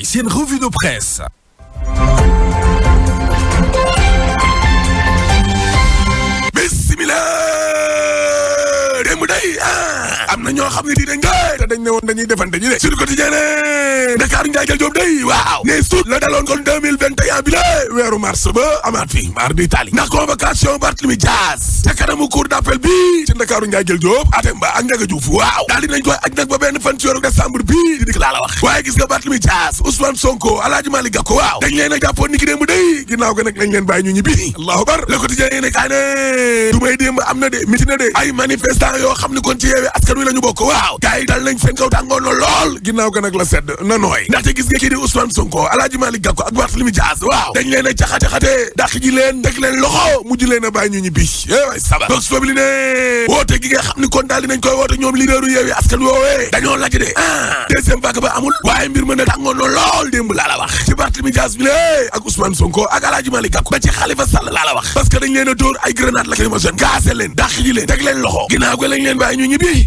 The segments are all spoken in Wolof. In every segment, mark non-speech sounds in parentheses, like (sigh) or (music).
seen revue de presse bismillah démb day ah! am na ñoo xam ne di dañ te dañ ne woon dañuy defante ji de sur quotidien Dakar Ndiaye Diop day waaw ne suut la daloon kon 2021 bi la weeru mars ba amaat fi mar di tali ndax convocation Barthélémy Dias ca kanamu cour d'appel bi ci Ndakaaru Ndiaye Diop Atemba ak Ndiaga Diouf waaw daal di nañ koy nag ba benn fan ci weeru décembre bi di dik laa la wax waaye gis nga Barthélémy Dias Ousmane Sonko Alaaji Malick Gakou waaw dañ leen a jàppoon leen bàyyi ñu ñibbi (laughs) allahu akbar le quotidien yéene na de miti na de wi la ñu bokk waaw gars yi dal nañ seen kaw tàngoon na lool ginnaaw ga nag la sedd na nooy ndaxte gis nga kii di Ousmane Sonko a a eh a ah, ci Barthélémy Dias bi lé eh, ak Ousmane Sonko ak ba ci Khalifa Sall laa la wax parce que dañ leen a dóor ay grenade lacrymogène gaasé leen dàq leen teg leen loxo ginnaaw ga ñu ñibbi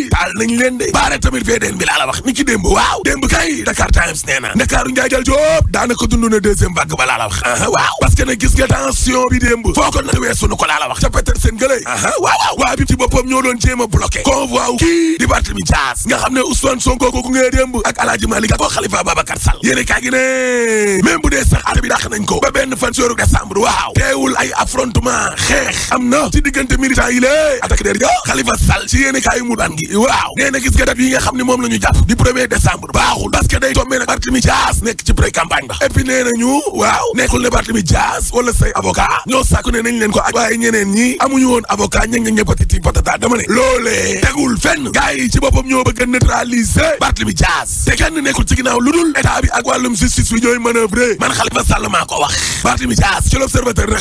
yi taal nañ leen de baare tamit fee deen bi laa la wax ni ki démb waaw démb kay Dakar Times nee na ndakaaru njaajal joob daanaka dund na deuxième vague ba laa la wax aa waaw parce que nag gis nga tension bi démb foo ko na weesunu ko laa la wax ca péter seen gëlay waaw waaw waa bi ci boppam ñoo doon jéem a bloqué convoi kii di Barthélémy nga xam ne Ousmane Sonko kooku ngee démb ak Alaaji Malick ak Khalifa Babacar Sall yéene kaa gi ne même dee sax at bi waaw nee na gis nga date yi nga xam ne moom la ñu di premier décembre baaxul parce day tombé nag Barthélémy Dias nekk ci pré campagne ba et nañu waaw nekkul ne Barthélémy Dias wala say avocat ñoo sàkku nañ leen ko ak ñeneen ñi amuñu woon avocat ña ngi ñe patati patata dama ne loolee tegul fenn gars yi ci boppam ñoo bëgg a neutraliser Barthélémy Dias te kenn nekkul ci ginnaaw lu dul état ak wàllum justice bi ñooy man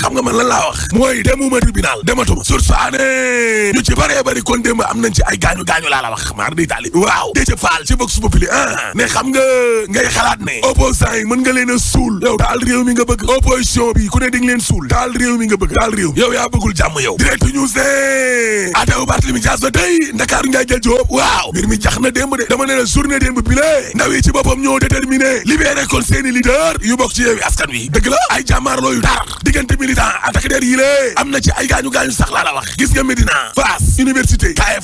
Khalifa man lan laa gaañu laa la wax maar day taali waaw ah ne xam nga ngay xalaat ne opposants yi mën nga leen a suul yow daal réew mi nga bëgg opposition bi ku ne di leen suul daal réew mi nga bëgg daal réew yow yaa bëggul jàmm yow direct news ne atew Barthélémy Dias ba day Ndakaaru njaay jël joob waaw mbir mi jax na démb de dama ne la journée démb bi lee ndaw yi ci boppam ñoo déterminé libéré kon seeni leader yu bokk ci yeewi askan wi dëgg la ay jàmmaarloo yu tar diggante militant attaque yi na ay gaañu gaañu sax laa la wax gis nga Médina Fass université kaay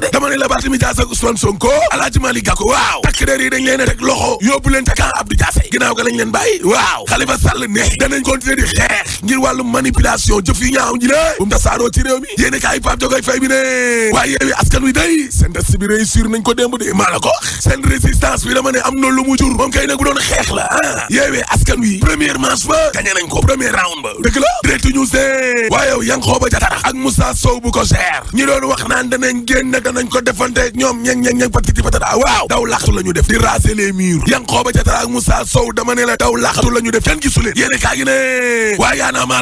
de dama ne la Barthélémy ak Ousmane Sonko Alaaji Malick Gakou waaw takk der yi dañ leen a loxo yóbbu leen ca camp Abdou Diassé ginnaaw ga lañ leen bàyyi waaw Khalifa Sall ne danañ continuer di xeex ngir wàllu manipulation jëf yi ñaaw ñi bu mu tasaaroo ci réew mi yéen kaay yi Fay bi ne waaye yeewi askan wi day seen test bi réussir nañ ko démb de maa la ko seen résistance bi dama ne am na lu mu jur moom kay nag bu doon xeex la ah askan wi danañ ko defante ñoom ñeng ñeng ñeng patiti patata waaw daw laxtu la ñu def di raser les murs yang xooba jatara ak Moussa Sow dama ne la daw laxtu la ñu def kenn gisuleen yéene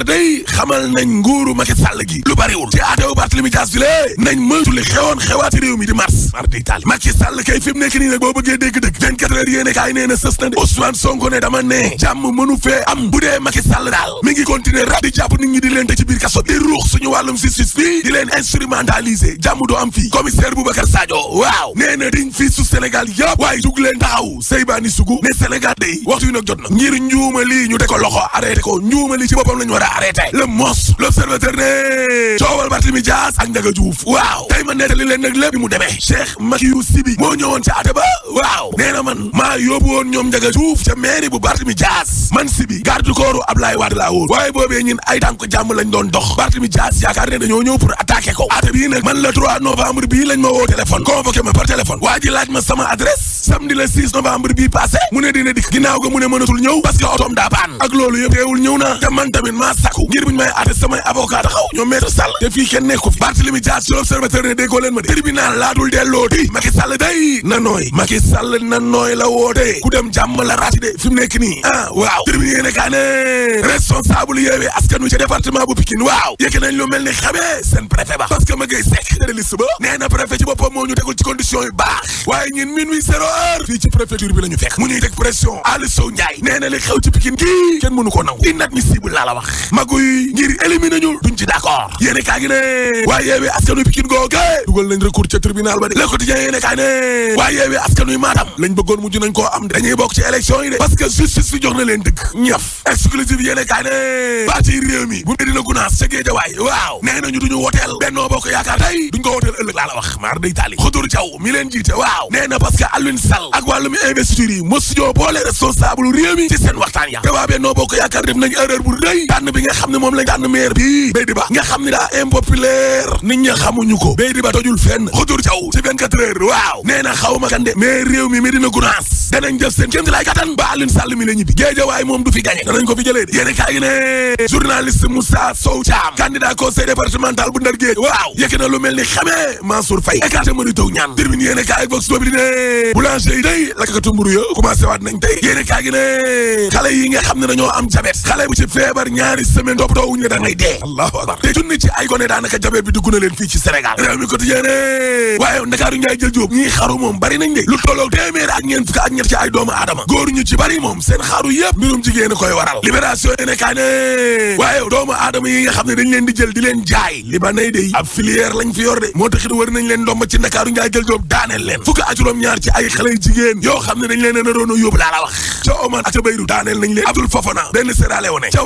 day xamal nañ nguuru Macky Sall gi lu bariwul ci aatewu Barthélémy Dias bi lée nañ moytu xewoon xewaat réew mi di mars mars di taal Macky Sall kay fi nekk nii nag boo bëggee dégg dëgg 24 heures nee na sës na de Ousmane Sonko ne dama ne jàmm mënu fee am bu dee Macky Sall daal mi ngi continuer rab di jàpp nit ñi di Cheikh Boubacar Sadio waaw nee na diñ fii su Sénégal yëpp waaye jug leen taxaw Seybani Sougou ne Sénégal day waxtu yu nag jot na ngir njuuma lii ñu teg ko loxo arrêté ko njuuma lii ci boppam la ñu war a arrêté le mos l'observateur ne coowal Barthélémy ak Ndiaga Diouf waaw tey ma nettali leen nag lépp bi mu demee Cheikh Makiyu Sibi moo ñëwoon ca ate ba waaw nee na man maa yóbbu woon ñoom Ndiaga Diouf ca mairie bu Barthélémy Dias man Sibi garde corps Abdoulaye Wade laa woon waaye boobee ñun ay doon dox Barthélémy Dias yaakaar ne dañoo ñëw lañ ma woo téléphone convoqué ma par téléphone waa ji laaj ma sama adresse samedi le 6 novembre bii passé mu ne dina dikk ginnaaw ga mu mënatul ñëw parce otoom daa baan ak loolu yëpp ñëw naa te man tamit maa sàkku ngir buñ may atte samay avocat taxaw ñoom maître Sall te fii kenn nekku fi Barthélémy Dias ci l'observateur ne déggoo leen ma de tribunal laadul delloo di Macky Sall day na nooy Macky Sall na nooy la wootee ku dem jàmm la raati de fi nekk nii ah, préfet ci boppam moo ñu tegul ci condition yu baax waaye ñun minuit zéro heure fii ci préfecture bi la fekk mu ñuy teg pression Aliou Sow Ndiaye nee na xew ci Pikine gii kenn mënu ko nangu inadmissible laa la wax magu ngir éliminer ñu duñ ci d'accord yéene kaa gi ne waaye yeewee askanu Pikine googe dugal nañ recours ca tribunal ba de le quotidien yéene kaa ne waaye yeewee askanuy maatam lañ bëggoon mujj nañ koo am de dañuy bokk ci élection yi de parce que maar day taali xudur jaw mi leen jiite waaw nee na parce Sall ak wàllum investiture yi boole responsable réew mi ci seen waxtaan ya te waa Benno Bokk Yaakaar def nañ erreur bu rëy tànn bi nga xam ne moom lañ tànn maire bi Beydi Ba nga xam ne daa impopulaire nit ña xamuñu ko Beydi Ba tojul fenn xudur jaw ci 24 waaw nee xaw ma kande mais réew mi Médina Gounass danañ def seen kémti laay kattan ba Alioune Sall mi la ñibbi géejawaay Mansour Faye écarté mënu taw ñaan termine yéen a kaay ak vox populi ne boulanger yi day lakkatu mburu ya commencé waat nañ tey yéen a kaay gi ne xale yi nga xam ne dañoo am jabet xale bu ci feebar ñaari semaine topp toowuñ ne da ngay dee allahu akbar te ci ay gone daanaka jabet bi dugg leen fii ci Sénégal réew mi quotidien ne waaye ndakaaru njaay jël jóob ñii xaru moom bari nañ de lu tolloog téeméer ak ñeent fukk ak ñett ci ay doomu aadama góor ñu ci bari moom seen xaru yëpp a nañ leen ndomb ci ndakaaru njaay jël jóob daaneel leen fukk ak juróom ñaar ci ay xale jigéen yoo xam ne dañ leen a roon a yóbbu la wax ca Oman ak ca Beyrouth daaneel nañ leen Abdoul Fofana benn Sierra Leone ko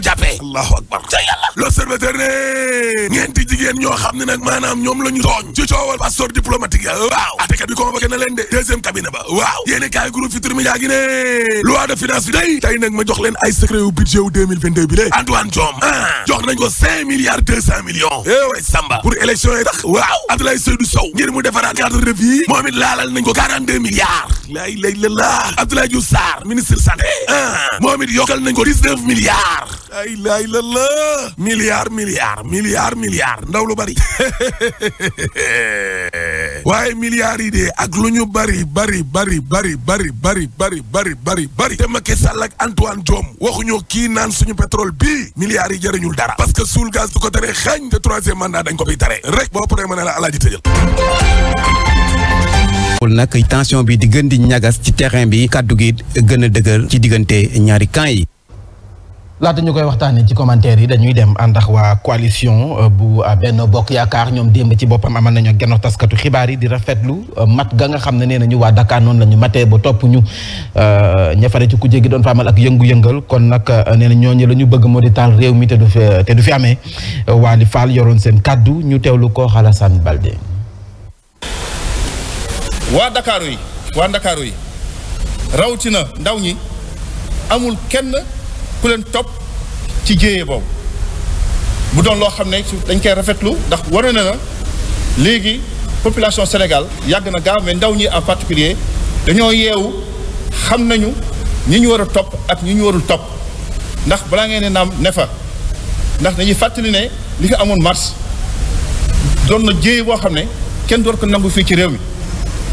jàppee allahu akbar ca ñeenti jigéen ñoo xam ne nag maanaam ñoom la tooñ ci coowal passeport diplomatique ya waaw atekat bi convoqué na leen de deuxième cabinet ba waaw yéeni kaay groupe Futurs Médias gi ne loi de finance day tey nag ma jox leen ay secret waaw Abdoulaye Seydou Sow ngir mu defaraat cadre de vie yi moom it laalal nañ ko 42 milliards laay lay la laa Abdoulaye Diouf Sarr ministre santé ah moom it yokkal nañ ko 19 milliards ay laay la la milliard milliard milliard milliard ndaw lu bari (laughs) waaye milliards yi de ak lu ñu bari bari bari bari bari bari bari bari bari bari te Macky Sall ak Antoine Diome waxuñoo kii naan suñu pétrole bii milliards yi jëriñul dara parce que suul gaz du ko tere xañ te troisième mandat dañ ko bi tere rek boo rek ma ne la nag tension bi di gën di ñagas ci terrain bi kàddu gi gën a dëgër ci diggante ñaari camp yi laata ñu koy waxtaanee ci commentaire yi dañuy dem àndax waa coalition euh, bu euh, benn bokk yaakaar ñoom démb ci boppam amal nañu genn taskatu xibaar yi di rafetlu euh, mat ga nga xam ne nee nañu waa Dakar noonu la ñu matee ba toppu ñu ñafare ci kujje gi doon fa amal ak yëngu-yëngal kon nag nee na ñooñu la ñu bëgg moo di taal réew mi te du fi te du fi amee waa li faal yoroon seen kàddu ñu teewlu ko Alassane Balde. waa Dakar yi waa Dakar yi rawatina ndaw ñi amul ku leen topp ci jéyee boobu bu doon loo xam ne dañ koy rafetlu ndax wane na na léegi population Sénégal yàgg na gaaw mais ndaw ñi en particulier dañoo yeewu xam nañu ñi ñu war a topp ak ñu ñu warul topp ndax balaa ngeen ne naam ne fa ndax dañuy fàttali ne li fi amoon mars doon na jéye boo xam ne kenn door ko nangu fii ci réew mi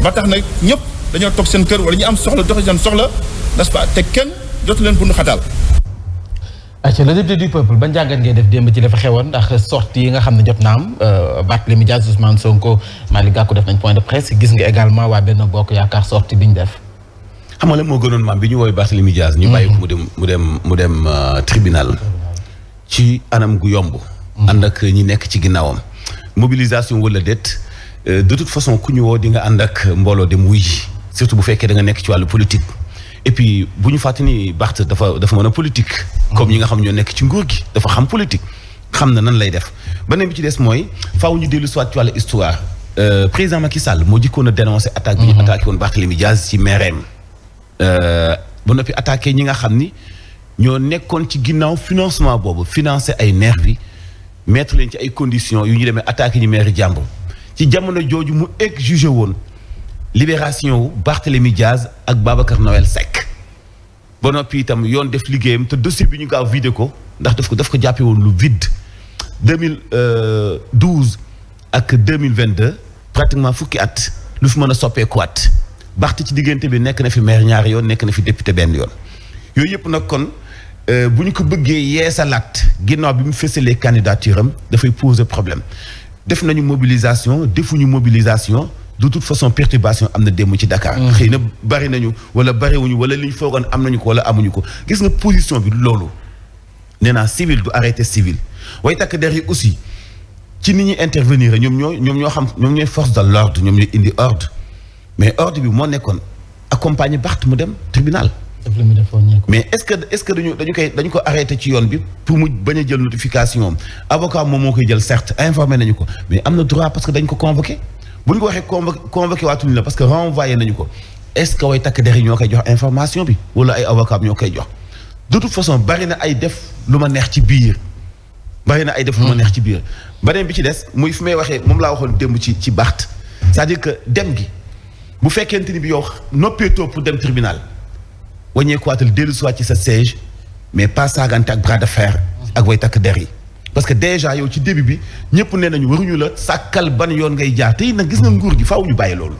ba tax nag ñëpp dañoo toog seen kër wala ñu am soxla doxe seen soxla n'est-ce te kenn jotu leen bundu xataal acca le député du peuple ban jàngat ngay def démb ci dafa xewoon ndax sortie nga xam ne jot na am euh, Barthélémy Dias Ousmane Sonko Malick Gakou def nañ point de presse gis nga également waa benn bokk yaakaar sortie bi ñu def xam nga la moo gënoon maam bi ñu woowee Barthélémy Dias ñu mm-hmm. bàyyi mu dem mu dem mu euh, tribunal ci anam gu yomb mm-hmm. ànd ak ñi nekk ci ginnaawam mobilisation wala déet euh, de toute façon ku ñëwoo woo di nga ànd ak mbooloo dem wuy ji surtout bu fekkee danga nekk ci wàllu politique et puis bu ñu fàtte ni Barth dafa dafa mën a politique. comme ñi nga xam ñoo nekk ci nguur gi dafa xam politique. xam na nan lay def beneen bi ci des mooy faw ñu dellu soit ci wàllu histoire euh, président Macky Sall moo jëkkoon a dénoncé attaque bi ñu mhm. attaqué woon Barthélémy Diaz ci meereem euh, ba noppi attaqué ñi nga xam ni ñoo nekkoon ci ginnaaw financement boobu financé ay nervi bi mettre leen ci ay conditions yu ñu demee attaque ñu maire jàmbur ci jamono jooju mu egg jugé woon. libération wu Barthélémy Diaz ak Babacar Noël Seck ba noppi itam yoon def liggéeyam te dossier bi ñu gaaw vidé ko ndax daf ko daf ko jàppe woon lu vide 2012 euh, ak 2022 pratiquement fukki at lu fi mën a soppeekuwaat baxte ci diggante bi nekk na fi maire ñaari yoon nekk na fi député benn yoon yooyu yëpp nag kon euh, bu ñu ko bëggee yeesalaat ginnaaw bi mu fësalee candidature am dafay poser problème def nañu mobilisation defuñu mobilisation de toute façon perturbation am na dému ci Dakar. Mm. xëy na bari nañu wala bariwuñu wala li ñu foogoon am nañu ko wala amuñu ko gis nga position bi loolu nee naa civil du arrêté civil way takk der yi aussi ci ni ñuy intervenir ñoom ñoo ñoom ñoo xam ñoom ñooy force de l'ordre ñoom ñooy indi ordre mais ordre bi moo nekkoon accompagner Barth mu dem tribunal. mais est-ce que est-ce que dañu dañu koy dañu ko arrêté ci yoon bi pour mu bañ a jël notification avocat moom moo koy jël certes informé nañu ko mais am na droit parce que dañ ko convoqué. bu ñu ko waxee convo convoqué waatuñu la parce que renvoyé nañu ko est-ce que way takk der yi ñoo koy jox information bi wala ay avocat ñoo koy jox de toute façon bari na ay def lu ma neex ci biir bari na ay def lu ma hmm. neex ci biir beneen bi ci des muy fi may waxee moom laa waxoon démb ci ci Barth c'est-à-dire que dem gi bu fekkente ni bi yow noppeetoo pour dem tribunal waññeekuwaatal dellu soit ci sa siège mais pas saagante ak bras de fer ak way takk der yi parce que déjà yow ci début bi ñëpp nee nañu waruñu la sàkkal ban yoon ngay jaar te nag gis nga nguur gi faaw ñu bàyyi loolu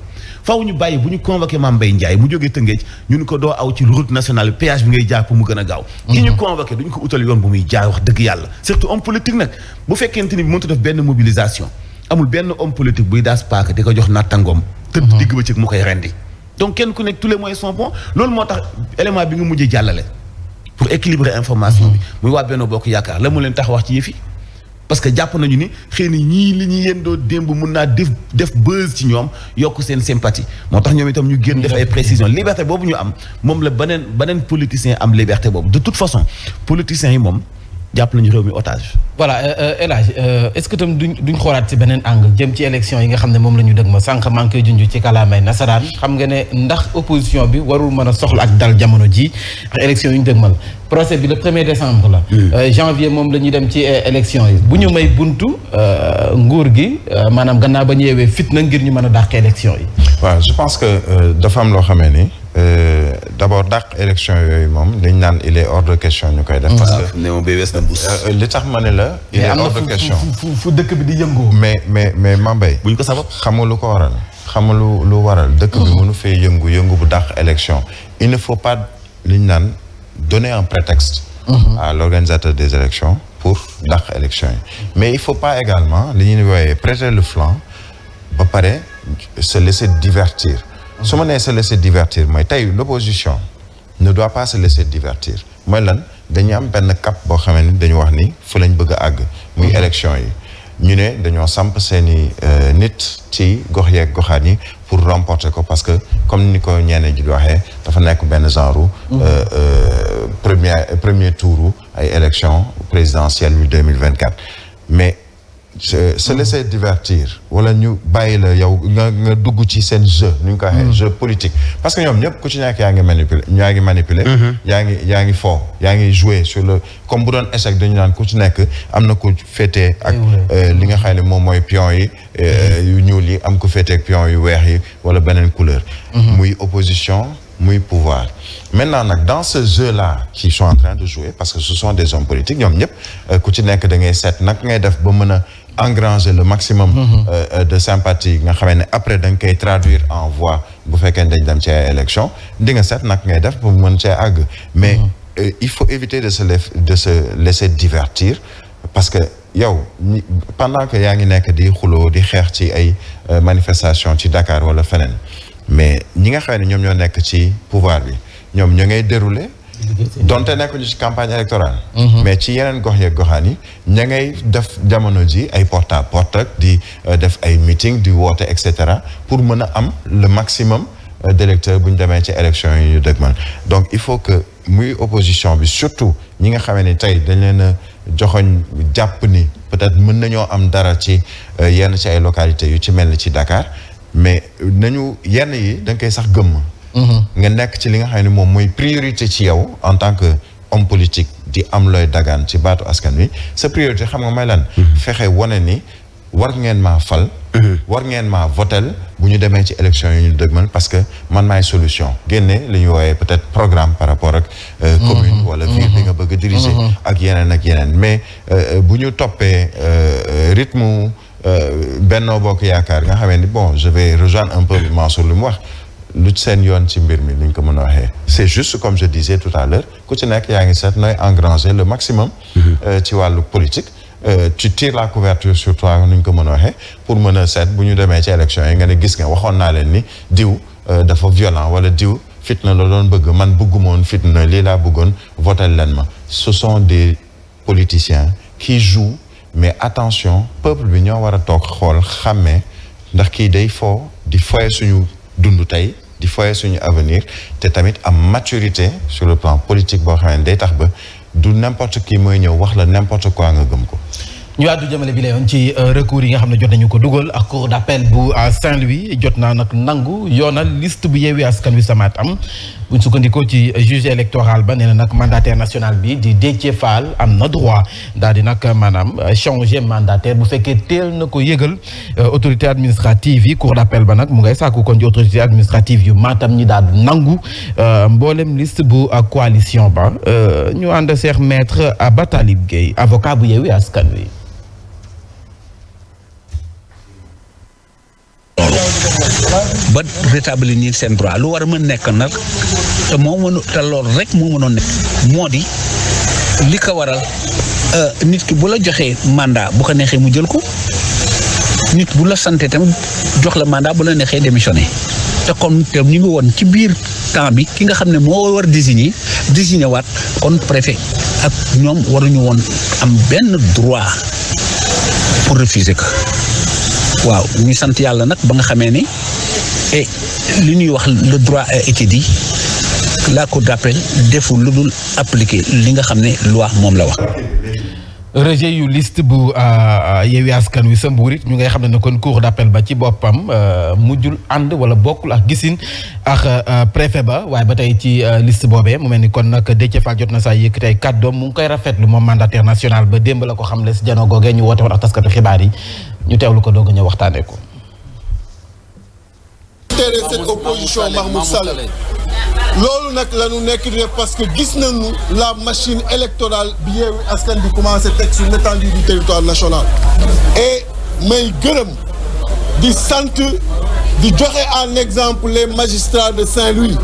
faaw ñu bàyyi bu ñu convoqué Mame Mbaye Ndiaye mu jógee Tëngéej ñu ni ko doo aw ci route nationale péage bi ngay jaar pour mu gën a gaaw ki mhm. ñu convoqué duñ ko utal yoon bu muy jaar wax dëgg yàlla surtout homme politique nag bu fekkente ni bi mënta def benn mobilisation amul benn homme politique buy daas paaka di ko jox nattangoom tëdd mhm. digg rendi donc kenn ku nekk tous les moyens sont bons loolu moo tax élément bi nga mujjee jàllale pour équilibrer information bi muy waa Benno Bokk Yaakaar la mu leen tax wax ci yëf yi parce que jàpp nañu ni xëy na ñii li ñuy yëndoo démb mun naa def def buzz ci ñoom yokk seen sympathie moo tax ñoom itam ñu génn def ay précision liberté boobu ñu am moom la beneen beneen politicien am liberté boobu de toute façon politiciens yi moom jàpp nañu réew mi otage. voilà euh, euh, El Hadj euh, est-ce que tam duñ duñ xoolaat ci beneen angle jëm ci élection yi nga xam ne moom la ñu dëg ma sànq maa ngi koy ci kalaamay nasaraan xam nga ne ndax opposition bi warul mën a soxla ak dal jamono ji ak élection yi ñu dëgmal procès bi le premier décembre la. janvier moom la ñuy dem ci élection yi bu ñu may buntu nguur gi maanaam gannaaw ba ñu yeewee fit na ngir ñu mën a dàq élection yi. waaw je pense que dafa am loo xamee ni. Euh, d' abord dàq élection yooyu moom dañ naan il est hors de ñu koy def. parce que néew bi wees na buus. Euh, li tax ma ne la. il est hors de fu dëkk bi di yëngoo. mais mais mais Mambay. buñ ko sabab xamul lu ko waral. xamul lu lu waral. dëkk bi mhm. mënu fee yëngu yëngu bu dàq élection. il ne faut pas li ñu naan donner un prétexte. Mhm. à l' organisateur des élections pour dàq élection yi. mais il faut pas également li ñu ñuy wooyee prêter le flanc ba pare se laisser divertir. su ma nee se laisser divertir mooy tey l'opposition ne doit pas se laisser divertir mooy lan dañu am benn cap boo xamee ni dañu wax ni fu lañ bëgg àgg muy mhm. élection yi ñu ne dañoo samp seeni euh, nit ci gox yeeg goxaat yi pour remporter ko parce que comme ni ko ñeneen ji di waxee dafa nekk benn genre mhm. euh, euh, premier premier tour ay élection présidentielle yu 2024 mais se laisser divertir wala ñu bàyyi la yow nga dugg ci seen jeu ñu ngi mm-hmm. jeu politique parce que ñoom ñëpp ku ci nekk yaa ngi manipuler yaa ngi manipuler mm-hmm. yaa ngi yaa ngi fo yaa ngi jouer comme bu doon échec dañu naan ku ci nekk am na ku féetee ak eh euh, li nga xam ne moom mooy pion yi euh, yu ñuul yi am ku féetee yu weex yi wala beneen couleur mm-hmm. muy opposition muy pouvoir maintenant nag dans ce jeu là qu'ils sont en train de que ce sont des hommes politiques ñëpp euh, ku ci nekk da ngay seet nag ngay def ba mën a engranger le maximum mhm. euh, euh, de sympathie nga xamee ne après danga nga koy traduire en voix bu fekkee dañ dem ci ay élection di nga seet nag ngay def pour mën cee àgg mais mhm. euh, il faut éviter de se de se laisser divertir parce que yow pendant que yaa ngi nekk di xuloo di xeex ci ay manifestation ci Dakar wala feneen mais ñi nga xam ne ñoom ñoo nekk ci pouvoir bi ñoom ñoo ngay dérouler donte nekkuñu ci campagne électorale. Mhm. mais ci yeneen gox yeeg goxaan yi ña ngay def jamono ji ay porte à porte di euh, def ay meeting di woote et cetera pour mën a am le maximum euh, d'électeurs bu ñu demee ci élection yu ñu dëgmal donc il faut que muy opposition bi surtout ñi nga xamee ni tey dañ leen joxoñ jàpp ni peut-être mën nañoo am dara ci euh, yenn ci ay localités yu ci mel ni ci Dakar mais nañu yenn yi da nga koy sax gëmm. nga nekk ci li nga xam ne moom mooy priorité ci yow en tant que homme politique di am looy dagaan ci baatu askan wi sa priorité xam nga may lan mhm. fexe wane ni war ngeen maa fal mhm. war ngeen maa votel bu ñu demee ci élection yi ñu dëgmal parce que man maay solution génne lu ñu wooyee peut-être programme par rapport ak euh, mhm. commune wala ville bi nga bëgg a diriger ak yeneen ak yeneen mais euh, euh, bu ñu toppee rythme Benno Bokk Yaakaar nga xamee ni bon je vais rejoindre un peu mu wax lu seen yoon ci mbir mi luñ ko mën a waxee c'est juste comme je disais tout à l'heure ku ci nekk yaa ngi seet nooy engranger le maximum mhm. euh, ci wàllu politique euh, tu tires la couverture sur toi nuñ ko mën a waxee pour mën a seet bu ñu demee ci élection yi nga ne gis nga waxoon naa leen ni diw euh, dafa violent wala diw fitna la doon bëgg man bëggumoon fitna lii laa bëggoon votel leen ma ce sont des politiciens qui jouent mais attention peuple bi ñoo war a toog xool xàmmee ndax kii day foo di foye suñu dund tey di foye suñu avenir te tamit am maturité sur le plan politique boo xam ne day tax ba du n'importe qui mooy ñëw wax la n'importe quoi nga gëm ko ñu àddu jëmale bi la yoon ci euh, recours yi nga xam ne jot nañu ko dugal ak cour d'appel bu Saint-Louis jot naa nag nangu yoonal liste bu Yewwi Askan Wi samaat am buñ sukkandikoo ci juge électoral ba nee na nag mandataire national bi di Déthié Fall am na droit daal di nag maanaam changer mandataire bu fekkee teel na ko yëgal euh, autorité administrative yi cour d'appel ba nag mu ngay sàkku kon ci autorité administrative yu Matam ñi daal di nangu euh, mboolem liste bu coalition ba euh, ñu ànd seex maître Abba Talib Gueye avocat bu Yewwi Askan Wi ba rétablir nii seen droit lu war a mën nekk nag te moo mënu te lool rek moo mënoon nekk moo di li ko waral euh, nit ki bu la joxee mandat bu ko neexee mu jël ko nit bu la sante tam jox la mandat bu la neexee démissionné te kon te ñu ngi woon ci biir temps bi ki nga xam ne moo war désigné désigné waat kon préfet ak ñoom waruñu woon am benn droit pour refuser ko waaw ñu sant yàlla nag ba nga xamee ni li ñuy wax le droit a été dit la cour d'appel defu lu dul appliquer li nga xam ne lu waax moom la wax. rejet yu list bu euh, euh, Yewwi Askan Wi sa mbuur it ñu ngay xam ne ne kon cour d'appel ba ci boppam euh, mujjul ànd wala bokkul ak gisin ak préfet ba waaye ba tey ci liste boobee mu mel ni kon nag Déthié Fall jot na saa yëkkati ay kàddoom mu ngi koy rafetlu moom mandataire national ba démb la ko xam ne si janoo ñu woote woon ak taskatu xibaar yi ñu teewlu doog ñëw waxtaanee ko. enterrer cette opposition Mahmoud Saleh loolu nag la nekk di parce que gis nañu la machine électorale bi Yewwi Askan Wi commencé teg sur l'étendue du territoire national et may gërëm di sant di joxe en exemple les magistrats de Saint-Louis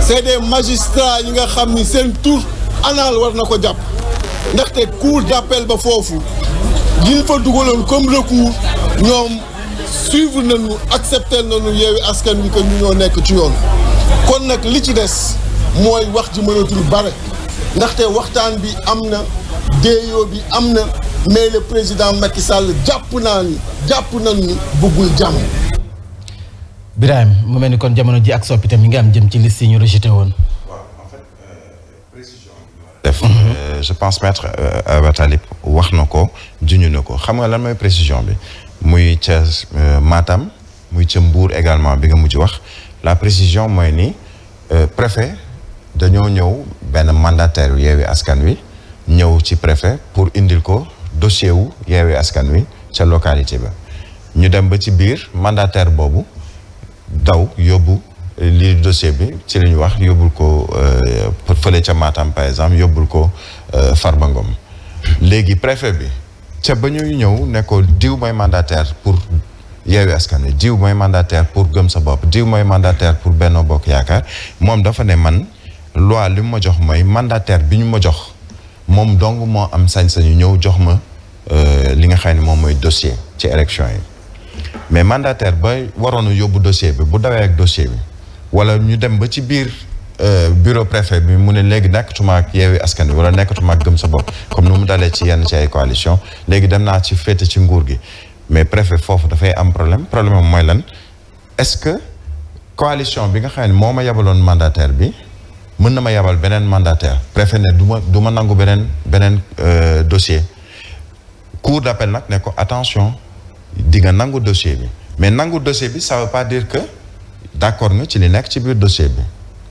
c'est des magistrats yi nga xam ni seen tur anal war na ko jàpp ndaxte cour d'appel ba foofu ñin fa dugaloon comme recours ñoom suivre nañu accepter nañu yeewi askan wi que ñu ñoo nekk ci yoon kon nag li ci des mooy wax ji mënatul bare ndaxte waxtaan bi am na déeyoo bi am na mais président Macky Sall jàpp naa ni jàpp nañu ni bëggul jàmm. Birahim mu mel ni kon jamono ji ak soppite mi nga am jëm ci liste yi ñu rejeté woon. Euh, def euh, mhm. je pense maître euh, Abatalib wax na ko juñu na ko xam nga lan mooy précision bi. muy ca euh, maatam muy ca Mbour également bi nga mujj wax la précision mooy ni euh, préfet dañoo ñëw benn mandataire yeewi askan wi ñëw ci préfet pour indil ko dossier wu yeewi askan wi ca localité ba ñu dem ba ci biir mandataire boobu daw yóbbu euh, li dossier bi ci li wax yóbbul ko fële ca maatam par exemple yóbbul ko Farba Ngom léegi préfet bi ca ba ñuy ñëw ne ko diw mooy mandataire pour yeewi askan wi diw mooy mandataire pour gëm sa bopp diw mooy mandataire pour Benno Bokk Yaakaar moom dafa ne man loi li ma jox mooy mandataire bi ñu ma jox moom dong moo am sañ-sañu ñëw jox ma euh, li nga xam ne moom mooy dossier ci élection yi mais mandataire ba waroon a yóbbu dossier bi bu dawee ak dossier bi wala ñu dem ba ci biir Euh, bureau préfet bi mu ne léegi nekkatuma ak yeewi askan wi wala nekkatuma ak gëm sa bopp comme ni mu dalee ci yenn ci ay coalition léegi dem naa ci féete ci nguur gi mais préfet foofu dafay am problème problème am mooy lan est-ce que coalition bi nga xam ne moo ma yabaloon mandataire bi mën na ma yabal beneen mandataire préfet ne du ma du ma nangu beneen beneen euh, dossier cour d'appel nag ne ko attention di nga nangu dossier bi mais nangu dossier bi ça veut pas dire que d'accord nga ci li nekk ci biir dossier bi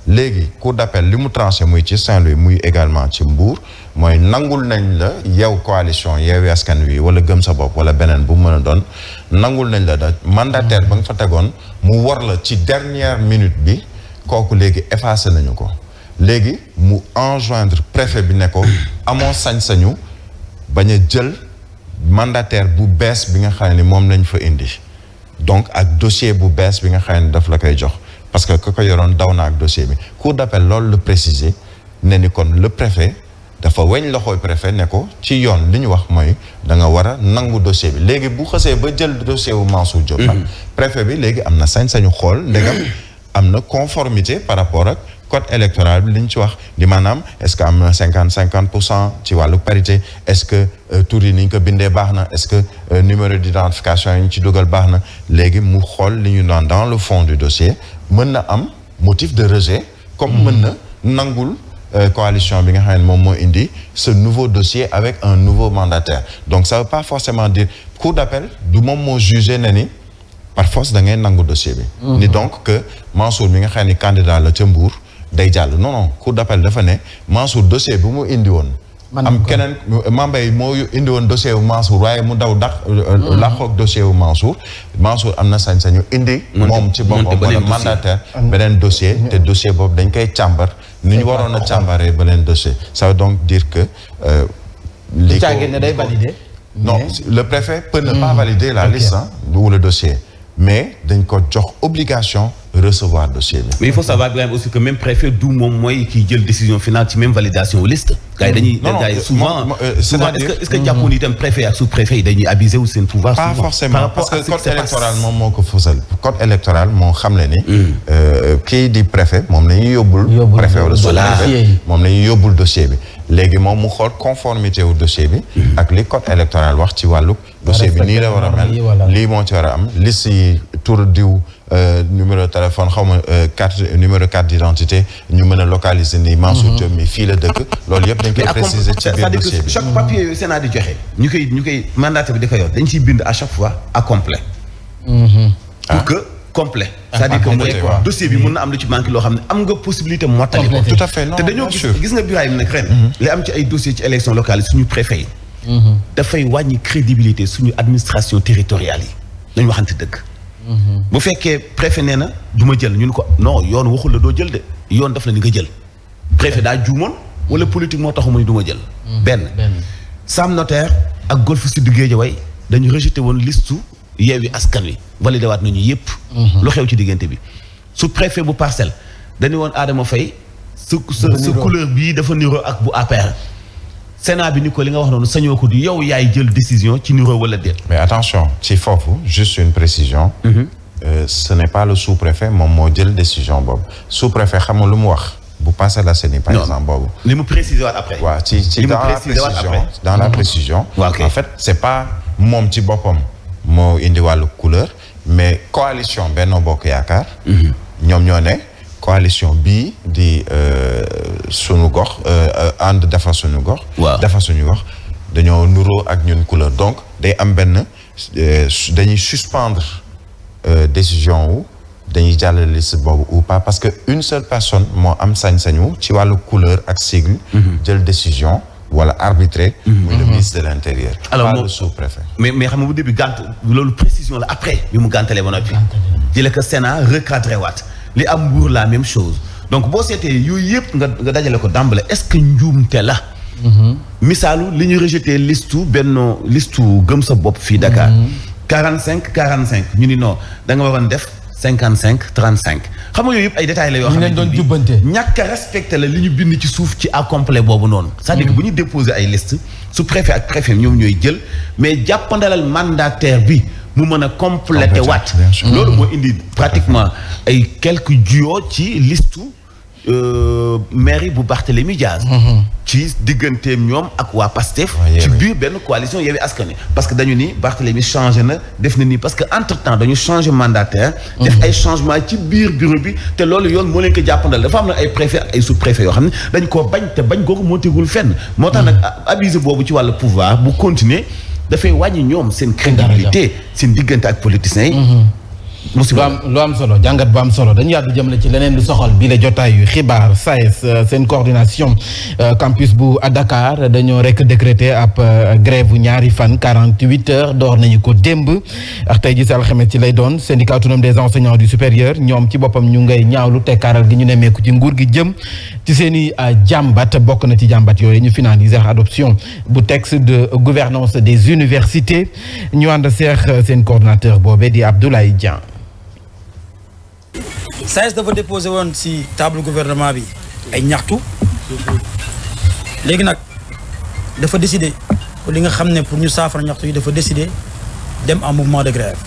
léegi cour d'appel li mu tranché muy ci Saint-Louis muy également ci Mbour mooy nangul nañ la yow coalition Yewwi Askan Wi wala gëm sa bopp wala beneen bu mu mën a doon nangul nañ la da mandataire ba nga fa tegoon mu war la ci dernière minute bi kooku léegi effacé nañu ko léegi mu enjoindre préfet bi ne ko amoo sañ-sañu bañ a jël mandataire bu bees bi nga xam ni moom lañ fa indi donc ak dossier bu bees bi nga xam ne daf la koy jox parce que ku ko yoroon daw na ak dossier bi cour d'appel loolu la préciser ne ni kon le préfet dafa weñ loxooy préfet ne ko ci yoon li ñu wax mooy danga nga war a nangu dossier bi léegi bu xësee ba jël dossier wu Mansour Diop nag mhm. préfet bi léegi am na sañ-sañu xool ndegam mhm. am na conformité par rapport ak code électoral bi li ñu ci wax di maanaam est-ce que am cinquante cinquante pour cent ci wàllu parité est-ce que euh, tur yi ni ñu ko bindee baax na est-ce que euh, numéro d'identification yi ñu ci dugal baax na léegi mu xool li ñu doon dans le fond du dossier mën na am motif de rejet comme mën na nangul euh, coalition bi nga xam ne moom moo indi ce nouveau dossier avec un nouveau mandataire donc ça veut pas forcément dire cour d'appel du moom moo jugé na ni par force dangay ngay nangu dossier bi mhm. ni donc que Mansour bi nga xam ne candidat la ca mbuur day jàll non non cour d'appel dafa ne Mansour dossier bi mu indi woon am keneen Mambay moo indi woon dossier wu Mansour waaye mu daw dax euh, euh, mm-hmm. laxoog dossier wu Mansour Mansour am na sañ-sañu indi moom ci boppam wala mandataire beneen dossier te dossier boobu dañ koy càmbar ni ñu waroon a càmbaree beneen dossier ça veut donc dire que euh, li ko day valider non le préfet peut ne mm. pas valider la listan ou le mais dañ ko jox obligation recevoir dossier bi. mais il faut savoir Ibrahima aussi que même préfet du moom mooy kiy jël décision finale ci même validation liste. gars yi dañuy gars yi euh, souvent. Euh, souvent est mhm. wu seen pouvoir. souvent pas parce que code électoral moom moo ko fësal. code électoral moo xam le ni. Mm. Euh, kii di préfet moom la ñuy yóbbul. yóbbul préfet wala sous moom la ñuy yóbbul dossier bi. léegi moom mu xool conformité wu dossier bi. Mm. ak li code électoral wax ci wàllu. dossier bi nii la war a mel lii moo ci war a am liste yi diw Euh, numéro téléphone xaw ma euh, carte numéro carte d'identité ñu mën a localiser ni Mansour mhm. Diop mi fii la dëkk loolu yëpp dañ koy préciser ci biir di joxe ñu koy ñu koy mandataire bi di ko yor ciy bind à chaque fois à complet mhm. pour que complet cest dire que mooy dossier bi mhm. mun na am lu ci manqué loo xam ne am nga possibilité mottali ko tout à fait te dañoo gis gis nga Birahim nag ren li am ci ay dossier ci élection locale suñu préfet yi dafay wàññi crédibilité suñu administration territoriale yi nañ waxante dëgg bu fekkee préfet nee na du ma jël ñu ne ko noo yoon waxul la doo jël de yoon daf la ni nga jël préfet daa juumoon wala politique moo taxu mu ni du jël mm-hmm. benn Sam Notaire ak Golf ja Guédiawaye dañu rejeté woon listu yi Askan Wi validé waat nañu yépp mm-hmm. lu xew ci diggante bi su préfet bu parcelle dañu woon Adama Faye su sa couleur bii dafa niroo ak bu APR Sénat bi ni ko li nga wax noonu sañoo ko di yow yaay jël décision ci niroo wala déet. mais attention ci foofu juste une précision. Mm -hmm. euh, ce n'est pas le sous-préfet moom moo jël décision boobu sous-préfet xamul lu mu wax. bu passé la CENI par exemple boobu. li mu préciser waat après. waaw ci ci dans la précision mhm. en fait c'est pas moom ci boppam moo indi wàllu couleur mais coalition Benno Bokk Yaakaar. Mhm. ñoom ñoo ne. coalition bi di euh, suñu gox euh, ànd defa suñu gox. waaw defar sunu gox dañoo nuroo ak ñun couleur donc day am benn euh, dañuy suspendre décision wu dañuy jàllale liste boobu ou pas parce que une seule personne moo am sañ-sañu ci wàllu couleur ak sigle. Mhm. jël décision. wala arbitré. Mhm. muy le mhm. ministre de l' intérieur. alors pas mais mais xam nga bu début gànt loolu précision la après. yu mu gàntalee ba noppi. di la que Sénat recadré waat. li am Mbour la même chose donc boo seetee yooyu yëpp nga nga dajale ko dàmbale est-ce que njuumte la. Mm-hmm. misaalu li ñu rejeté listu benn listu gëm sa bopp fii Dakar. 45 mm-hmm. 45 ñu ni non da nga waroon def 55 35 xam nga yooyu yëpp ay détails la yoo. xam ne doon jubbante ñàkk a respecté la li ñu bind ci suuf ci à complet boobu noonu. c'est-à-dire que mm-hmm. bu ñu déposé ay liste su préfet ak préfet ñoom ñooy jël mais jàppandalal mandataire bi. mu mën a complété waat loolu moo mm-hmm. indi pratiquement ay quelques duos ci listu euh, mairie bu Barthélemy Diaz mm-hmm. ci digganteem ñoom ak waa Pastef ah, ci biir benn coalition Yewwi Askan parce que dañu ni Barthélemy changé na def na nii parce que entre temps dañu changé mandataire mm-hmm. def ay changement ci biir bureau bi te loolu yoon moo leen ko jàppandal dafa am na ay préfet ak ay sous-préfet yoo xam ne dañ koo bañ te bañ googu moo fenn moo tax nag abusé boobu ci wàllu pouvoir bu continuer dafay wàññi ñoom seen crédibilité seen diggante ak politiciens yi mhm. lu am lu am solo jàngat bu am solo dañu yàddu jëmale ci leneen lu soxal bi la jotaay xibaar SAES euh, seen coordination euh, campus bu Dakar dañoo rek décrété ab euh, grève ñaari fan 48 heures door nañu ko démb ak tey ji si alxames ci lay doon syndicat autonome des enseignants du supérieur ñoom ci boppam ñu ngay ñaawlu tekkaaral gi ñu nemmeeku ci nguur gi jëm ci seen i jàmbat bokk na ci jàmbat yooyu ñu finaliser adoption bu texte de gouvernance des universités ñu ànd seex seen coordinateur boobee di Abdoulaye Dieng SAES dafa déposé woon si table gouvernement bi ay ñaxtu léegi nag dafa décidé li nga xam ne pour ñu saafara ñaxtu yi dafa décidé dem en mouvement de grève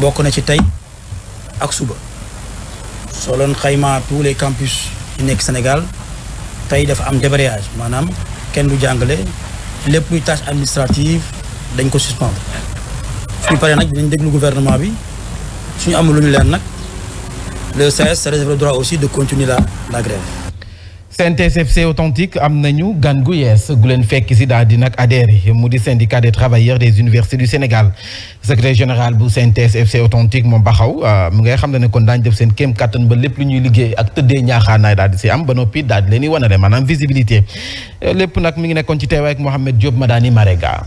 bokk na ci tey ak suba soo loon xayma tous les campus yi nekk Sénégal tey dafa am débrayage maanaam kenn du jàngale lépp luy tâche administrative dañ ko suspendre suñu paree nag dinañ déglu gouvernement bi suñu amul lu leen nag le SAES se réserve droit aussi de continuer la la grève. CNTS/FC authentique am nañu gan gu yees gu leen fekki si daal di nag adhéré mu di syndicat des travailleurs des universités du Sénégal secrétaire général bu CNTS/FC authentique moom Baxaw euh, mu ngay xam ne ne kon daañu def seen kéem kattan ba lépp lu ñuy liggéey ak tëddee ñaaxaanaay daal di si am ba noppi daal di leen di wanale maanaam visibilité euh, lépp nag mu ngi nekkoon ci teewaay ak Mouhamed Diop Madani Marega.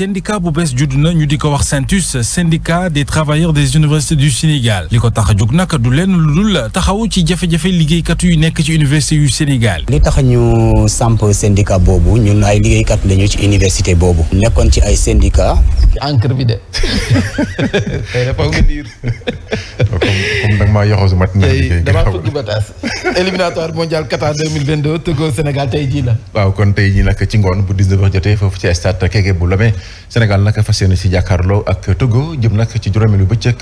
syndicat bu bees judd na ñu di ko wax SYNTUS syndicat des travailleurs des universités du Sénégal li ko tax a jóg nag du lenn lu dul taxaw ci jafe-jafe liggéeykat yu nekk ci université yu Sénégal. li tax ñu samp syndicat boobu ñun ay liggéeykat lañu ci université boobu. nekkoon ci ay syndicat. encre bi de. (laughs) tey dafa nga niir. (laughs) comme da nga maa yoxoo su mat na liggéey. damaa fukki bataas Sénégal tey jii la. waaw kon tey jii nag ci ngoon bu 19 heures jotee foofu ci stade Keke bu Lomé. Sénégal nag fas yéene si jàkkaarloo ak Togo jëm nag ci juróomi juróomeelu bëccëg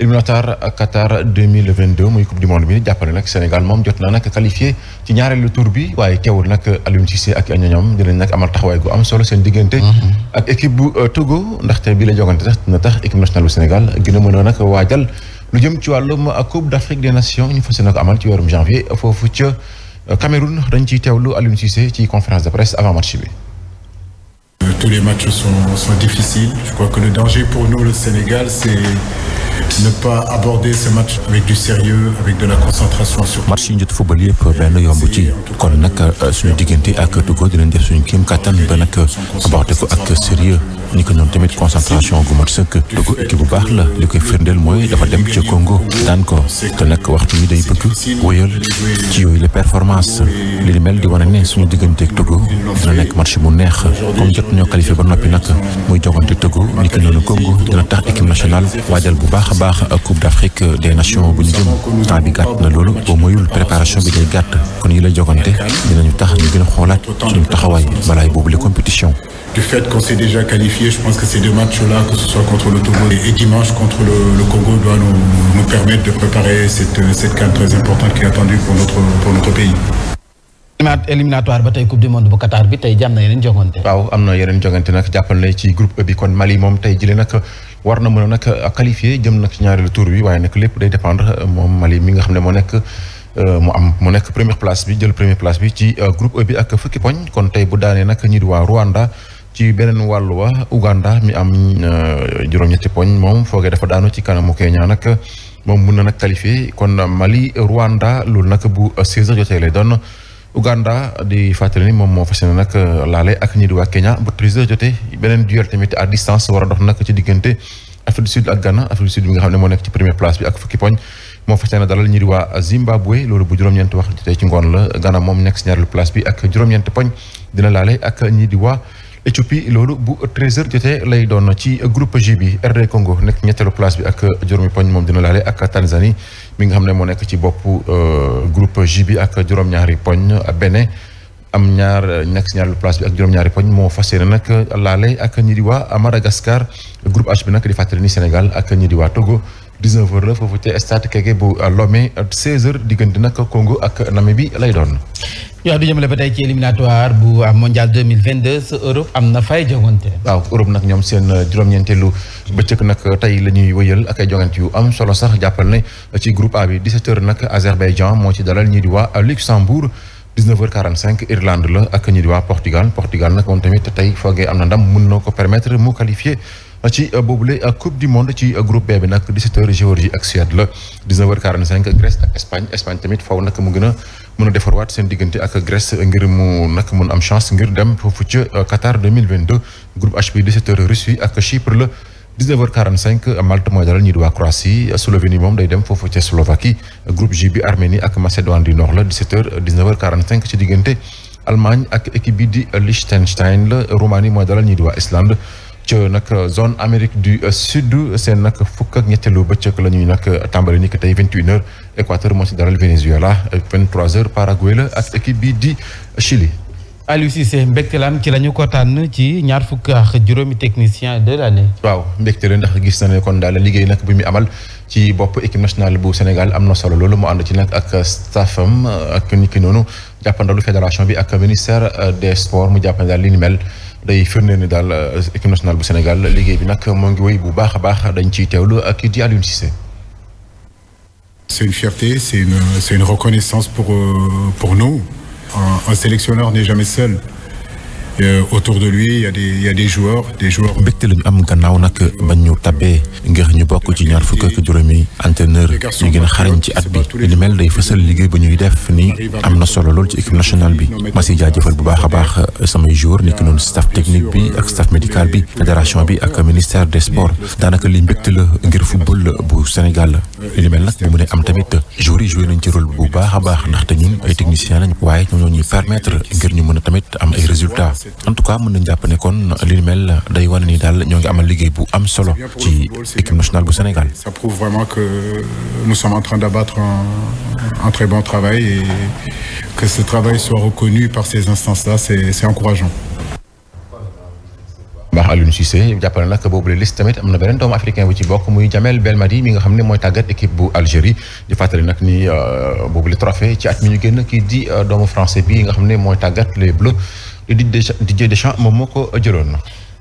éliminatoire Qatar 2022 muy coupe du monde bi jàppale nag Sénégal moom jot na nag qualifié ci ñaareelu tour bi waaye teewul nag Aliou Cissé ak ñoom dinañ nag amal taxawaay gu am solo seen diggante. Mhm. ak équipe bu euh, Togo ndaxte bi la jogante sax dina tax équipe nationale bu Sénégal gën a mën waa nag waajal lu jëm ci wàllum coupe d'Afrique des nations ñu fas yéene ko amal ci weerum foofu ca euh, Cameroun dañ ciy teewlu Aliou Cissé ci conférence de presse avant bi. Euh, tous les matchs sont, sont difficiles. Je crois que le danger pour nous, le Sénégal, c'est ne pas aborder ce match avec du sérieux avec de la concentration sur. match yi ñu football yëpp benn yomb ci kon nag euh, suñu diggante ak Togo dinañ def suñu kéem kattan ba nag aborder ko ak sérieux ni ko noonu tamit concentration gu mat sëkk Togo équipe bu baax la li koy firndeel mooy dafa dem ca Congo daan ko te nag waxtu yi day bëgg wëyal ci yooyu la performance li ni mel di wane ne suñu digganteeg Togo dina nekk match bu neex comme jot ñoo qualifié ba noppi nag muy jogante Togo ni ko noonu Congo dina tax équipe nationale waajal bu baax a baax Coupe d'Afrique des Nations bu jëm temps gàtt na loolu boo moyul préparation bi day gàtt kon yi la jogante dinañu tax ñu gën a xoolaat suñu taxawaay balaay boobu les compétitions. du fait qu'on s'est déjà qualifié je pense que ces deux matchs là que ce soit contre le Togo bi dimanche contre le, le Congo doit nous, permettre de préparer cette cette très importante qui est pour notre pays. éliminatoire ba tey coupe du monde bu Qatar bi tey jàmm na yeneen jongante. waaw am na yeneen jongante nag jàppal na ci groupe e bi kon Mali moom tey jëlee nag war na mën a nag qualifié jëm nag ci ñaareelu tour bi waaye nag lépp day dépendre moom Mali mi nga xam ne moo nekk. Euh, mu am mu nekk première place bi jël première place bi ci euh, groupe E bi ak fukki poñ kon tey bu daanee nag ñi di waa Rwanda ci beneen wàllu wa Uganda mi am euh, juróom-ñetti poñ moom foogee dafa daanu ci kanamu Kenya nag moom mun na nak qualifié kon Mali Rwanda loolu nag bu 16 jotee lay doon Uganda di fàttali ni moom moo fas yéene nag laale ak ñi waa Kenya bu 13h jotee beneen duel tamit à distance war a dox nag ci diggante Afrique du Sud ak Ghana Afrique xam ne moo nekk ci première place bi ak fukki poñ. moo fas yéene dalal ñi di waa Zimbabwe loolu bu juróom-ñeent wax tey ci ngoon la Ghana moom nekk si ñaareelu place bi ak juróom-ñeent poñ dina laale ak ñi di waa Éthiopie loolu bu 13h jotee lay doon ci groupe bi RD Congo ñetteelu place bi ak juróomi poñ moom dina laale ak Tanzanie mi nga xam ne moo nekk ci bopp euh, groupe G bi ak juróom-ñaari poñ Bénin am ñaar nekk si place bi ak juróom-ñaari poñ moo fas yéene nag laale ak ñi di waa Madagascar groupe H bi nag di fàttali ni Sénégal ak ñi di waa Togo. 19 heures la foofu ca stade Keke bu Lomé 16 diggante nag Congo ak Namibie lay doon. ñu wax du jëmale ba tey ci éliminatoire bu mondial 2022 sa Europe am na fay jongante waaw Europe nag ñoom seen juróom-ñeenteelu bëccëg nag tey la ñuy wëyal ak ay jongante yu am solo sax jàppal na ci groupe A bi 17h nag Azerbaïdjan moo ci dalal ñii di waa Luxembourg 19h45 Irlande la ak ñii di waa Portugal Portugal nag moom tamit tey foogee am na ndam mën na ko permettre mu qualifier. ci euh, boobule euh, coupe du monde ci euh, groupe B bi nag 17h Géorgie ak Suède la 19h45 Grèce ak Espagne Espagne tamit faw nag mu gën a mën a defarwaat seen diggante ak Grèce ngir mu nag mën am chance ngir dem foofu ca Qatar 2022 groupe H bi 17h Russie ak Chypre la. 19h45 Malte mooy dalal ñii waa Croatie Slovénie moom day dem foofu ca Slovaquie groupe J bi ak Macédoine du Nord la 17h 19h45 ci diggante Allemagne ak équipe bi di Liechtenstein la Roumanie mooy dalal ñii di waa ca nag euh, zone Amérique du euh, Sud seen nag fukk ak ñetteelu bëccëg la ñuy nag euh, tàmbali ni que tey vingt et une heures Équateur moo ci daral Venezuela vingt trois heures Paraguay la ak équipe bi di Chili. ali Cissé mbégte la am ci la ñu ko tànn ci ñaar fukk ak juróomi technicien de l'année. waaw mbégte la ndax gis na ne kon daal liggéey nag bi mu amal ci bopp équipe nationale bu Sénégal am na solo loolu mu ànd ci nag ak staffam ak niki noonu jàppandalu fédération bi ak ministère de sports mu jàppandal li mel. day firnde ni daal euh, équipe nationale bu Sénégal liggéey bi nag moo ngi woy bu baax a baax dañ ciy teewlu ak di Aliou Cissé. c'est une fierté c'est une c'est une reconnaissance pour euh, nous un sélectionneur n'est jamais seul. Euh, autour de a des il y a des joueurs des joueurs. mbégte am gannaaw nag ba ñu tabee ngir ñu bokk ci ñaar fukk ak juróomi entraîneur ñu gën a xarañ ci at bi li mel day fësal liggéey ba ñuy def ni am na solo lool ci équipe nationale bi ma si jaajëfal bu baax a baax euh, samay joueurs nekk noonu staff technique bi euh, ak staff médical bi fédération bi ak ministère des sports daanaka li mbégte la ngir football bu Sénégal li mel nag bu mu ne am tamit joueurs yi joué nañ ci bu baax a baax ndaxte ñun ay techniciens lañ waaye ñoo ñuy permettre ngir ñu mën a tamit am ay résultats. en tout cas mën nañ jàpp ne kon li ñu mel day wane ni daal ñoo ngi amal liggéey bu am solo ci équipe nationale bu Sénégal. ça prouve vraiment que nous sommes en train d'abattre un, un très bon travail et que ce travail soit reconnu par ces instances-là c'est c'est encourageant. baax Aliou Cissé jàppale nag boobu la liste tamit am na beneen doomu africain bu ci bokk muy Jamel Belmadi mi nga xam ne mooy tàggat équipe bu Algérie di fàttali nag ni euh, boobu la trophée ci at mi ñu génn kii di euh, doomu français bi nga xam ne mooy tàggat Didier Deschamps moom moo ko jëloon.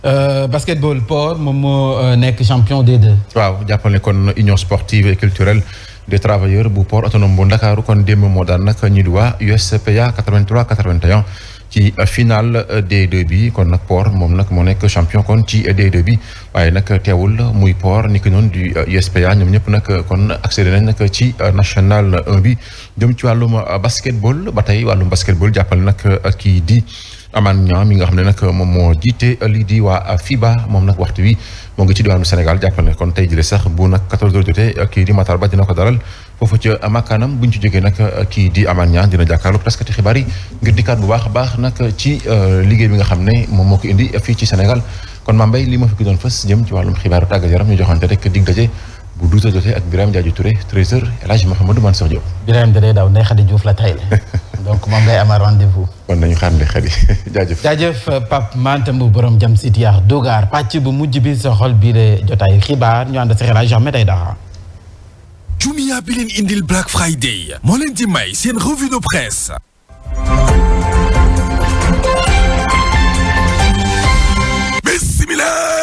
Euh, basketball port moom moo euh, nekk champion des deux. waaw jàppale kon union sportive et culturelle des travailleurs bu port autonome bu Ndakaaru kon démb moo daan nag ñi di waa USPA 83 81 ci finale D2 bi kon nag port moom nag moo nekk champion kon ci D2 bi waaye nag teewul muy port ni ki noonu du euh, USPA ñoom ñëpp nag kon accédé nañ nag ci national 1 bi jëm ci wàllum basketball ba tey wàllum basketball jàppale nag kii di. Amane Niang mi nga xam ne nag moom moo jiite lii di waa FIBA moom nag waxtu wi moo ngi ci diwaanu Sénégal jàppal ne kon tey jëlee sax bu nag 14 heures kii di Matar Ba dina ko dalal foofu ca makkaanam bu ñu ci jógee nag kii di Amane Niang dina jàkkaarloog taskati xibaar yi ngir dikkaat bu baax a baax nag ci euh, liggéey bi nga xam ne moom moo ko indi fii ci Sénégal kon Mame Mbaye li ma fi doon fës jëm ci wàllum xibaaru tàggat yaram ñu joxante rek dig daje bu douze heures ak Birame Diadio Touré 13h El Hadj Mouhamadou Mansour Diop. Birame Diadio daaw Ndeye Khady Diouf (laughs) donc moom ngay ama rendez-vous. kon nañu xaar ne xel yi jaajëf. jaajëf Pape borom jam sit Dogar pàcc bu mujj bi sa xol bii de jotaay xibaar ñu ànd si xel jamais day dara. Jumia bi leen indil Black Friday moo leen di may seen revue de presse. bismillah.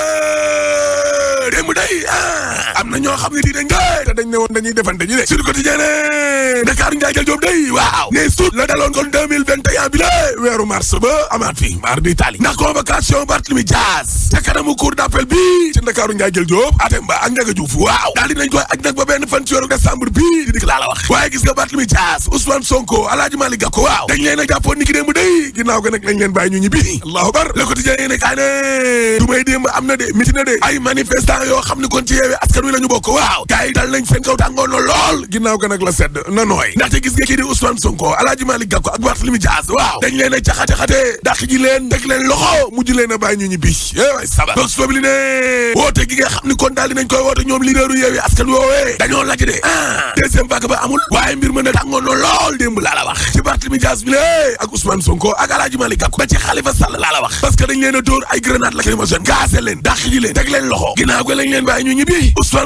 am na ñoo xam ne ne woon dañuy defante ñu de sur quotidien ne Dakar Ndiaye suut la daloon kon 2021 bi la weeru mars ba amaat fii mar di tali ndax convocation Barthélémy Dias ca kanamu cour d'appel bi ci Dakar Ndiaye Jal Diop Atemba ak Ndiaga waaw daal di nañ aj nag ba benn fan ci weeru décembre bii di dik laa wax waaye gis nga Barthélémy Dias Ousmane Sonko Alaaji Malick Gakou waaw dañ leen a jàppoon ñu ñibbi (laughs) allahu akbar le quotidien ne kaane du may démb ñu bokk waaw gars yi dal nañ seen kaw tàngoon na lool ginnaaw ga nag la sedd na nooy ndaxte gis nga kii di Ousmane Sonko Alaaji Malick Gakou ak Barthélémy Dias waaw dañ leen a caxacaxate dàq ji leen a ah, ci Barthélémy Dias bi lé ak Ousmane Sonko ak ba ci Khalifa Sall laa la wax parce que dañ leen a dóor ay grenade lacrymogène gaasé leen dàq ji leen teg loxo ginnaaw ga lañ leen bàyyi ñu ñibbi Ousmane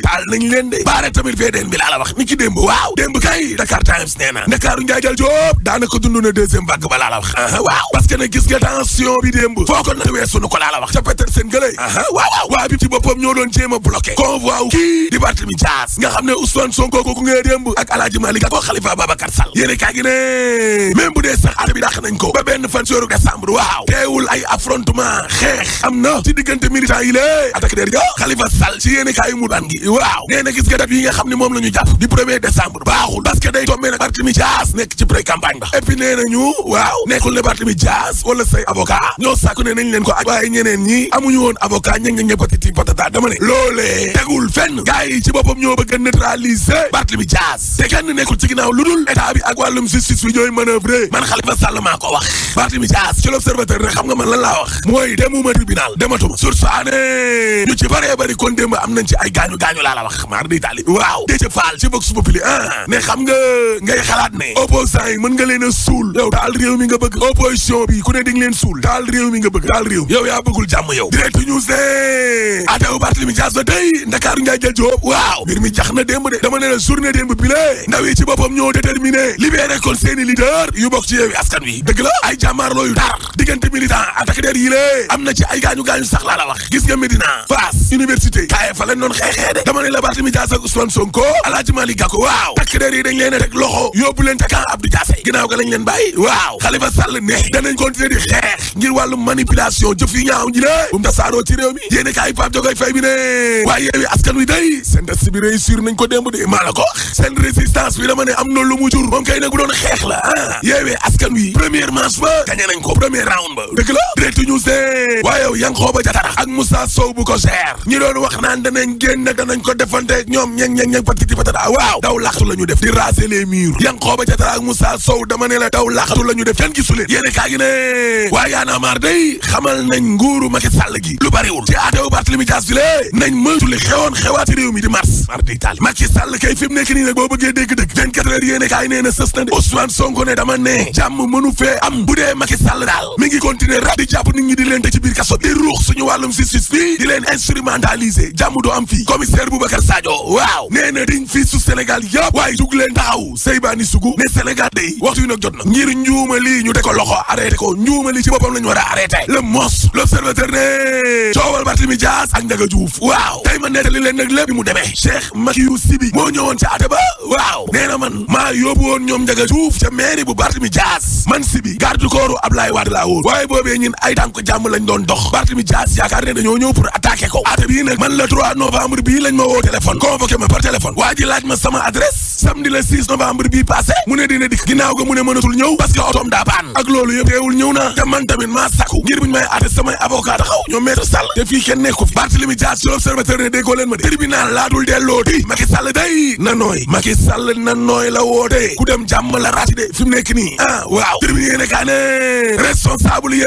yi nañ leen de baare tamit VDN bi laa wax ni ki waaw démb kay Dakar Times nee na Ndakaaru njaajal Joob daanaka dund na deuxième vague ba laa la wax aa waaw parce que nag gis nga tension bi démb foo ko na weesu nu ko laa la wax ca Petersen gëlay aa waaw waaw waa bi ci boppam ñoo doon jéem a bloqué convoi kii di Barthélémy Dias nga xam ne Ousmane Sonko kooku ngay démb ak Alaaji ak Khalifa Babacar Sall yéene ko ba benn fan weeru décembre waaw teewul ay affrontement xeex am na ci diggante militants yi lée attaque der ja Khalifa Sall waaw nee na gis nga date yi nga xam ne moom la ñu di premier décembre baaxul parce que day tombé nag Barthélemy Dias nekk ci pré campagne ba et nañu waaw nekkul ne Barthélemy Dias wala say avocat ñoo sàkku nañ leen ko ak ñeneen ñi amuñu woon avocat ña nga ñëppatiti patata dama ne loolee tegul fenn gars yi ci boppam ñoo bëgg a neutraliser Barthélemy Dias te kenn nekkul ci ginnaaw lu dul état ak wàllum justice bi ñooy man Khalifa man lan laa wax ñu laa la wax maar di taali waaw Déthié Fall ci Vox Populi ah ne xam nga ngay xalaat ne opposant yi man nga leen a suul yow daal réew mi nga bëgg opposition bi ku ne di leen suul daal réew mi nga bëgg daal réew yow yaa bëggul jàmm yow direct news ne atew Barthélémy Dias ba tey Ndakaaru Ndiaye jël Joob waaw mbir mi jax na démb de dama ne la journée démb bi lee ndaw yi ci boppam ñoo déterminé libéré kon seeni leader yu bokk ci yeewi askan wi dëgg la ay jàmmaarloo yu tar diggante militant yi am na ci ay gaañu gaañu sax laa la wax gis nga Médina Fass université fa lañ dama ne la Barthélémy Dias ak Ousmane Sonko Alaaji Malick Gakou waaw takk der yi dañ leen rek loxo yóbbu leen ca camp Abdou Diassé ginnaaw ga lañ leen bàyyi waaw Khalifa Sall ne danañ continuer di xeex ngir wàllu manipulation jëf yi ñaaw ji la bu mu tasaaroo ci réew mi yéeni kaay Pape Diogoy Faye bi ne waaye yeewi askan wi day seen test bi réussir nañ ko démb de maa la ko seen résistance bi dama ne am na lu mu jur moom kay nag bu doon xeex la ah yeewi askan lañ ko defante ñoom ñeng ñeng ñeng patiti patata ah, waaw daw laxtu la ñu def di raser les murs Yankhoba Diattara ak Moussa Sow dama ne la daw laxtu la def kenn gisu leen yéene kaa gi ne waa yaana maar day xamal nañ nguuru Macky gi lu bariwul ci aatew Barthélémy Dias bi lée nañ moytu xewoon xewaat ci réew mi di mars mar di taali Macky kay fi mu nekk nii nag boo bëggee dégg-dëgg 24 nee na sës na de Ousmane Sonko ne dama ne jàmm mënu fee am docteur Boubacar Sadio waaw nee na diñ fii su Sénégal yëpp waaye jug leen taxaw Seybani Sougou ne Sénégal day waxtu yu nag jot na ngir njuuma lii ñu de ko loxo arrêté ko njuuma lii ci boppam la ñu war a arrêté le mos l'observateur ne coowal Barthélémy Dias ak Ndiaga Diouf waaw tey man nettali leen nag lépp mu demee Cheikh Makiyu Sibi moo ñëwoon ca ate ba waaw nee man maa yóbbu ñoom Ndiaga Diouf ca mairie bu Barthélémy Dias man Sibi garde corps Abdoulaye Wade laa woon ma woo téléphone convoqué ma par téléphone waa ji laaj ma sama adresse samedi le 6 novembre bii passé mu ne dina dikk ginnaaw ga mu mënatul ñëw parce otoom daa baan ak loolu yëpp teewul ñëw na te man maa sàkku ngir buñ may atte samay avocat taxaw ñoom maître Sall te fii kenn nekku fi Barthélémy Dias ci l'observateur ne ma de tribunal laa dul delloo ti Macky Sall day na nooy Macky Sall na nooy la woote ku dem jàmm la raati de fi mu nii ah waaw tribune yéene kaa ne responsable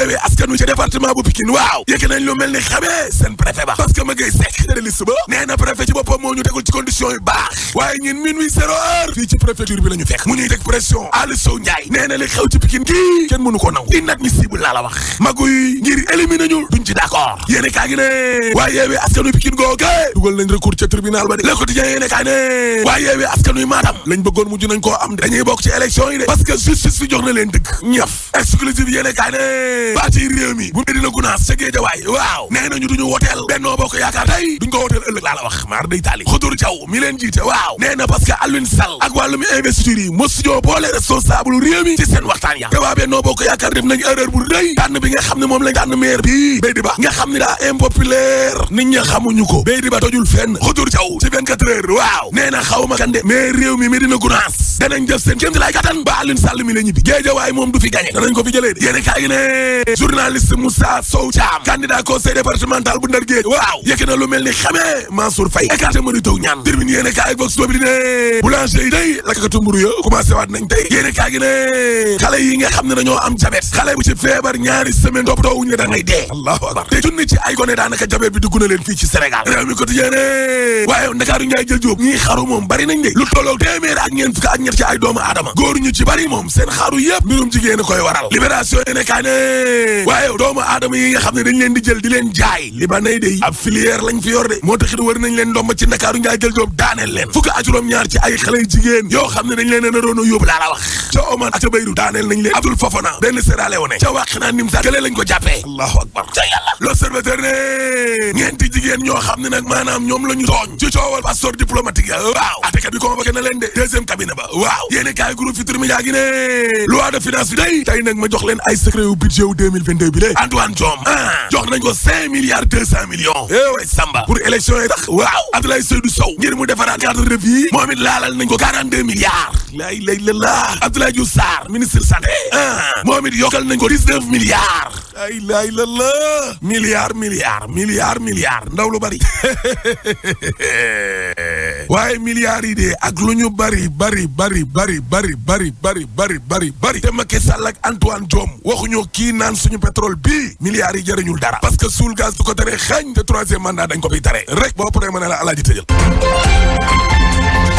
préfet ci boppam moo ñu tegul ci condition yu baax waaye ñun minuit zéro heure fii ci préfecture bi la ñu fekk mu ñuy teg pression Aliou Sow Ndiaye nee na xew ci Pikine gii kenn mënu ko nangu inadmissible laa la wax magu ngir éliminer ñu duñ ci d'accord yéene kaa gi ne waaye yeewee askanu Pikine googe dugal nañ recours ca tribunal ba de le quotidien yéene kaa ne waaye yeewee askanuy maatam lañ bëggoon mujj nañ koo am de dañuy bokk ci élection yi de parce que justice bi jox na maar day taali xudur jaw mi jiite waaw nee na parce que ak wàllum investiture yi mosuñoo boole responsable réew mi ci seen waxtaan ya te waa Benno Bokk Yaakaar def nañ erreur bu rëy tànn bi nga xam ne moom lañ tànn maire bi Beydi Ba nga xam ne daa impopulaire nit ña xamuñu ko Beydi Ba tojul fenn xudur jaw ci 24 waaw nee na ma kande mais réew mi Médina Gounass danañ jëf seen kéem ti laay kattan ba Alioune Sall mi la ñibbi Géej waaw fay écarté mënu taw ñaan termine yéen a kaay ak vox populi ne boulanger yi day lakkatu mburu ya commencé waat nañ tey yéen a ne xale yi nga xam ne dañoo am jabet xale bu ci feebar ñaari semaine topp doowuñ ne da ngay dee allahu akbar te ci ay gone daanaka jabet bi dugg leen fii ci Sénégal réew mi quotidien ne waaye ndakaaru njaay jël jóob ñii xaru moom bari nañ de lu tolloog téeméer ak ñeent fukk ak ñett ci ay doomu aadama góor ñu ci bari moom seen xaru yëpp mbirum jigéen a leen ndomba ci ndakaaru njaay jël jigéen yoo xam na nag maanaam ñoom la tooñ ci coowal passeport diplomatique ya waaw atekat bi convoqué na leen de deuxième cabinet ba waaw yéeni kaay groupe Futurs Médias gi ne loi de finance bi day tey nag ma jox leen ay secret yu budget wu 2022 bi lé Antoine Diome ah jox nañ ko 5 milliards 200 millions eh way Samba pour élection yi tax waaw waaw Abdoulaye Seydou Sow ngir mu defaraat cadre de vie moom it laalal nañ ko 42 milliards laay lay la laa Abdoulaye Diouf Sarr ministre santé a ah. moom it yokkal nañ ko 19 milliards laay laay la laa milliard milliard milliard milliard ndaw lu bari (laughs) waaye milliards yi de ak lu ñu bari bari bari bari bari bari bari bari bari bari te Macky Sall ak Antoine Diome waxuñu kii naan suñu pétrole bii milliards yi jëriñul dara parce que suul gaz du ko tere xañ te troisième mandat dañ ko fiy tere rek boo paree ne la alaaji tëjal